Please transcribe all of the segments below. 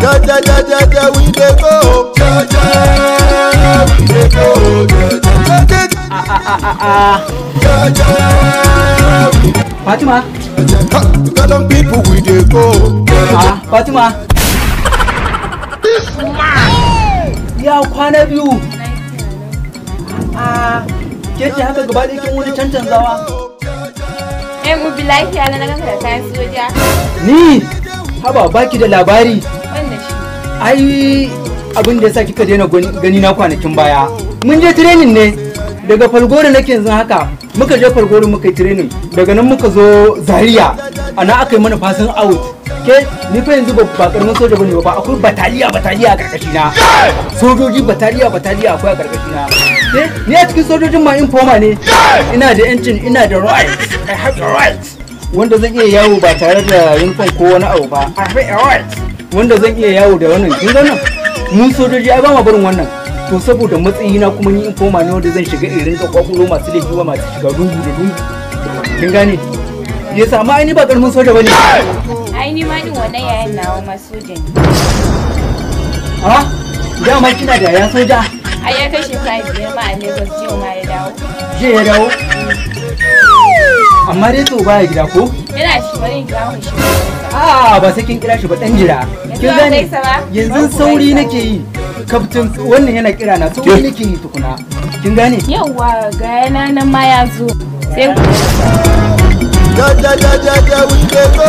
jẹjẹjẹjẹjẹ we dey go. jẹjẹ we dey go jẹjẹ. jẹjẹ. Fatima. Tell people we dey go. Ah, Fatima. This man. Ya kwana biyu. Ah, ke ce haka gaba da kin wani cancanzawa. Eh, mu bi lafiya na na ganka da kayan soja. Ni. haba baki da labari ai abin da yasa kika daina gani na kwanakin baya mun je training ne daga falgore nake yanzu haka muka je falgore muka yi training daga nan muka zo zaria ana aka yi mana fasin out ke ni fa yanzu ba karamin soja bane ba akwai bataliya bataliya a karkashi na sojoji bataliya bataliya akwai a karkashi na ni a cikin sojojin ma informa ne ina da yancin ina da right i have the right wanda zan iya yawo ba tare da yankan ko wani abu ba wanda zan iya yawo da wannan kin nan mun sojoji ai ba ma barin wannan to saboda matsayi na kuma ni in koma ne wanda zan shiga irin ka kwakulo masu laifi ba masu shiga dungu da dungu kin gane ya samu aini ba karamin soja bane aini ma din wannan yayin nawa ma soja ne a dama kina da yayan soja ai ya kashe 5 ma a Lagos jiya ma ya dawo jiya ya dawo amma dai to baya gida ko yana shi bari in kira shi Ah ba sai kin kira shi ba dan jira kin gane yanzu sauri nake yi kaftin wannan yana kira na sauri nake yi tukuna kin gane yawa ga yana nan ma ya zo sai da da da da wuce ko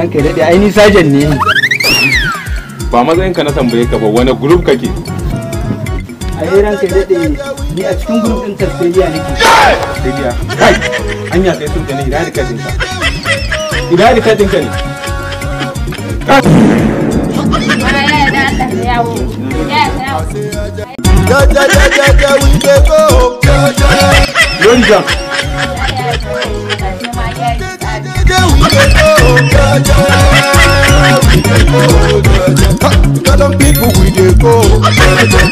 ranka ya daɗe ne ba matsayin ka na tambaye ka ba wani group kake a yi ranka ya daɗe ni a cikin group ɗin tasiriya nake tasiriya kai hanya kai sun gani idan ka dinka idan ka dinka ne we go. me to